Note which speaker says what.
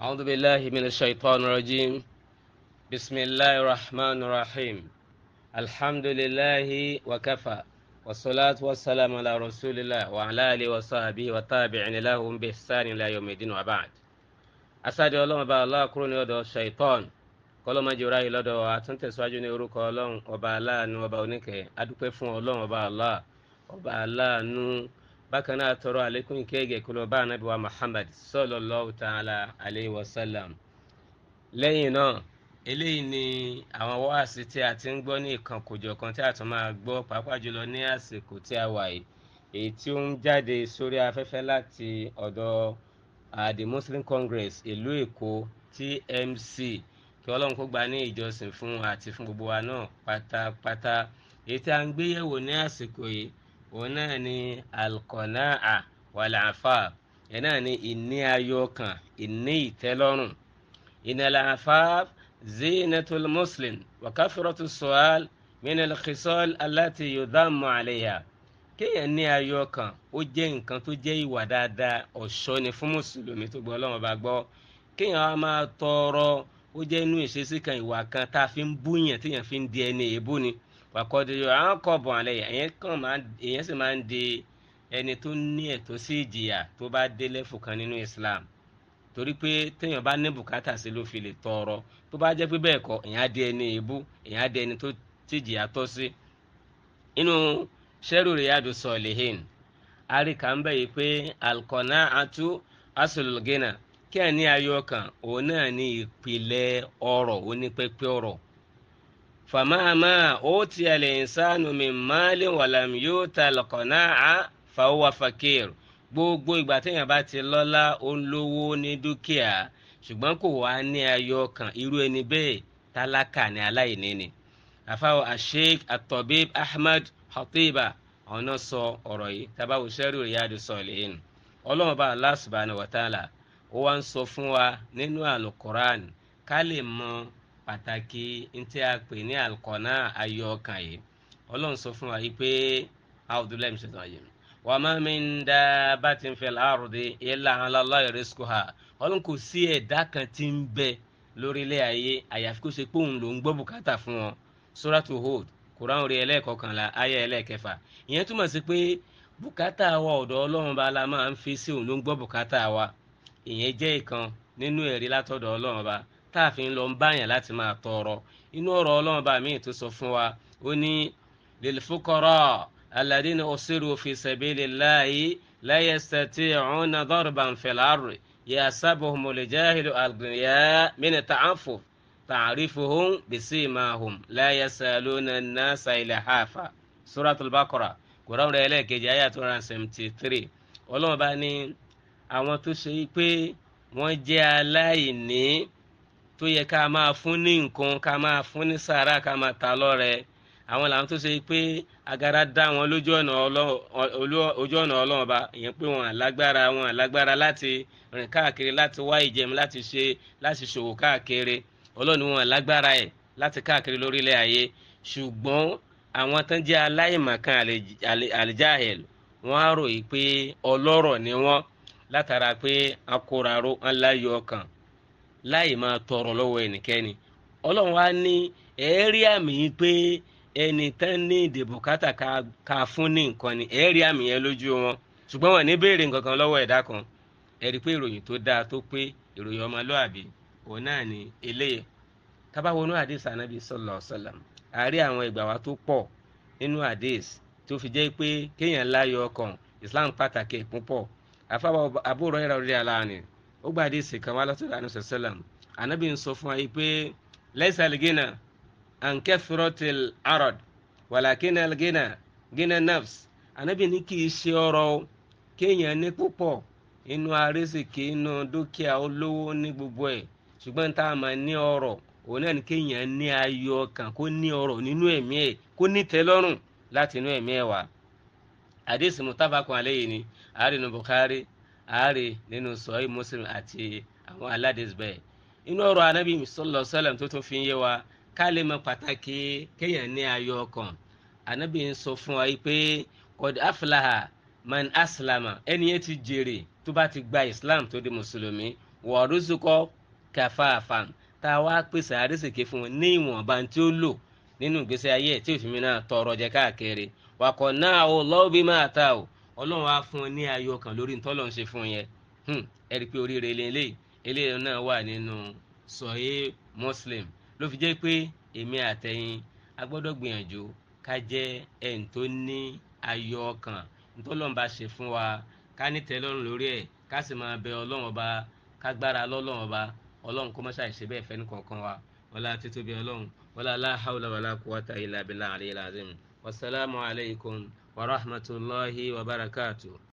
Speaker 1: أعوذ بالله من الشيطان الرجيم بسم الله الرحمن الرحيم الحمد لله وكفى والصلاة والسلام على رسول الله وعلى آله وصحبه وتابعين لهم بإحسان إلى يوم الدين وبعد أسعد الله أبا الله كروني ودو الشيطان kọlọ́ máa jọra yìí lọ́dọ̀ àtúntẹ̀síwájú ní orúkọ ọlọ́run ọba aláàánú ọba oníkẹ́ adúpẹ́ fún ọlọ́run ọba aláà ọba aláàánú bákan náà tọrọ àlékún ìkẹ́gẹ́ kó bá ànábì wa Muhammad sallallahu ta'ala alayhi wa sallam lẹ́yìn náà eléyìí ni àwọn wáàsí tí a ti ń gbọ́ ní ìkànkòjọ̀kan tí a tún máa gbọ́ pàápàá jùlọ ní àsìkò tí a wà yìí èyí tí ó ń jáde sórí afẹ́fẹ́ láti ọ̀dọ̀ the Muslim Congress ìlú Èkó TMC kí Ọlọ́run kó gba ní ìjọsìn fún àti fún gbogbo wa náà pátápátá èyí tí a ń gbé ní àsìkò yìí òun náà ni alkọ̀náà wàlàáfà yẹn náà ni ìní ayọ̀kàn ìní ìtẹ́lọ́rùn ìnàlàáfà zinatul muslim wàkàfẹ́rọ́tù sọ́àl minal khisal allati yudhammu alayha kéèyàn ní ayọ̀kàn ó jẹ́ nǹkan tó jẹ́ ìwà dáadáa ọ̀ṣọ́ ni fún mùsùlùmí tó gbọ́ ọlọ́run bá gbọ́ kéèyàn á máa tọrọ ó jẹ́ inú ìṣesí kan ìwà kan tá a fi ń búyàn téèyàn fi ń di ẹni èébú ni. wàkọ́dé yóò àwọn kọ̀bù àlẹ́ yẹn kàn máa èyàn sì máa ń di ẹni tó ní ẹ̀tọ́ sí ìjìyà tó bá nínú Islam torí pé téèyàn bá ní bùkátà sí ló fi lè tọrọ tó bá jẹ́ pé bẹ́ẹ̀ kọ́ ẹni ẹni tó tìjìyà tọ́ sí. inú sẹ́rù pé àtú kí ayọ̀ kan òun náà ní ìpìlẹ̀ onípẹ́pẹ́ fàmáàmá ó ti al-insanu min malin walam yuta al-qana'a fahuwa fakir gbogbo ìgbà téèyàn bá ti lọ́lá ó ń lówó ní dúkìá ṣùgbọ́n kò wá ní ayọ̀ ọkàn irú ẹni bẹ́ẹ̀ tálákà ní aláìní ni àfáwọn asheik atobib ahmed hatiba ọ̀nà sọ ọ̀rọ̀ yìí tabawo sẹ́rù riyadu sọ̀lẹ́yìn ọlọ́run bá Allah subhanahu wa ta'ala ó wá ń sọ fún wa nínú alukoran ká lè mọ pàtàkì ntí a pè ní alukọ̀nà ayọ̀ ọkàn yìí ọlọ́run sọ fún wa yìí pé abdullahi ṣètò ayé wa ma min dabbatin fil ardi illa ala Allahi rizquha ọlọ́run kò sí ẹ̀dá kan tí ń bẹ lórílẹ̀ ayé àyàfi kó ṣe pé òun ló ń gbọ́ bùkátà fún wọn suratu Hud kuran orí ẹlẹ́ẹ̀kọkànlá ayé ẹlẹ́ẹ̀kẹfà ìyẹn túmọ̀ sí pé bùkátà wa ọ̀dọ̀ ọlọ́run bá la máa ń fi sí òun ló ń gbọ́ bùkátà wa ìyẹn jẹ́ ìkan nínú ẹ̀rí látọ̀dọ̀ ọlọ́run bá táàfin lọ ń báyàn láti máa tọrọ inú ọ̀rọ̀ ọlọ́run bá mi tó sọ fún wa ó ní lilfukara alladina usiru fi sabilillahi la yastati'una darban fil ardi yasabuhumul jahilu aghniya min ta'affuf ta'rifuhum bisimahum la yasaluna an-nasa ilhafa suratul baqara kòrán rẹ̀ ẹlẹ́ẹ̀kejì ayé two hundred and seventy three ọlọ́run bá ní àwọn tó ṣe pé wọ́n jẹ́ aláìní tó yẹ ká máa fún ní nǹkan ká máa fún ní sàárà ká máa ta lọ́rẹ àwọn làwọn tó ṣe pé agara dá wọn lójú ọ̀nà ọlọ́run ọba ìyẹn pé wọn àlágbára wọn àlágbára láti rìn káàkiri láti wá ìjẹun láti ṣe láti ṣòwò káàkiri ọlọ́run wọn àlágbára ẹ̀ láti káàkiri lórílẹ̀ ayé ṣùgbọ́n àwọn tó ń jẹ́ aláìmọ̀kan àlìjáhẹ̀l wọ́n á rò pé ọlọ́rọ̀ ni wọ́n látara pé akóraró ńlá yọ ọkàn láì máa tọrọ lọ́wọ́ ẹnikẹ́ni ọlọ́run wá ní ẹ̀ẹ́rí àmì pé ẹni tán ní ìdìbò kátà fún ní nǹkan ni ẹ̀ẹ́rí àmì yẹn lójú wọn ṣùgbọ́n wọn ní béèrè nǹkan kan lọ́wọ́ ẹ̀dá kan ẹ̀rí pé ìròyìn tó dáa tó pé ìròyìn ọmọlúàbí òun náà ni eléyìí tábà wọnú àdìs ànábì sọlọ sọlọ àárí àwọn ìgbà wa tó pọ̀ nínú àdìs tó fi jẹ́ pé kéèyàn láyọ̀ ọkàn Islam pàtàkì púpọ̀ àfàwọ̀ àbúrò ẹ̀rọ rí ó gba àdìsí kan wá látọ̀dọ̀ àná sẹ́sẹ́lẹ̀m ànábì ń sọ fún wa pé lẹ́sà lgina ànkẹ́ fúrọ́tìl arọ̀d wàlàkínà lgina gina nafs ànábì ní kì í ṣe ọrọ̀ kéèyàn ní púpọ̀ inú arísìkì inú dúkìá olówó ní gbogbo ẹ̀ ṣùgbọ́n tá a máa ní ọrọ̀ òun náà ni kéèyàn ní ayọ̀ ọkàn kó ní ọrọ̀ nínú ẹ̀mí ẹ̀ kó ní tẹ́lọ́rùn láti inú ẹ̀mí ẹ̀ wá àdìsí mutafakun alayhi ni àárínú Bukhari ààrẹ nínú sọ́ọ́ muslim àti àwọn aládìsbẹ̀ inú ọ̀rọ̀ anábì sallallahu alaihi wasallam tó tún fi ń yé wa ká lè mọ pàtàkì kéèyàn ní ayọ̀ ọkàn anábì ń sọ fún wa pé qad aflaha man aslama ẹni yẹn ti jèrè tó bá ti gba islam tó di mùsùlùmí wa ruzuqa kafafan tá a wá pèsè àrísìkí fún un ní ìwọ̀nba tí ó lò nínú ìgbésí ayé tí òfin mi náà tọrọ jẹ káàkiri wa qanna'ahu Allahu bima ataahu ọlọ́run á fún un ní ayọ̀ kan lórí ntọ́lọ̀ ń ṣe fún yẹn hmm, ẹ rí i pé oríire eléyìí eléyìí náà wà nínú sọ̀yé muslim ló fi jẹ́ pé èmi àtẹ̀yin a gbọ́dọ̀ gbìyànjú ká jẹ́ ẹni tó ní ayọ̀ ọkàn ntọ́lọ́run bá ṣe fún wa ká ní tẹ́lọ́rùn lórí ẹ̀ ká sì máa bẹ ọlọ́run ọba ká gbára lọ́lọ́run ọba ọlọ́run kó má ṣàì bẹ́ẹ̀ fẹ́ nìkankan wa wọlá títóbi ọlọ́run wọlá la hawla wàlá quwwata illa billahi al-aliyyil والسلام عليكم ورحمة الله وبركاته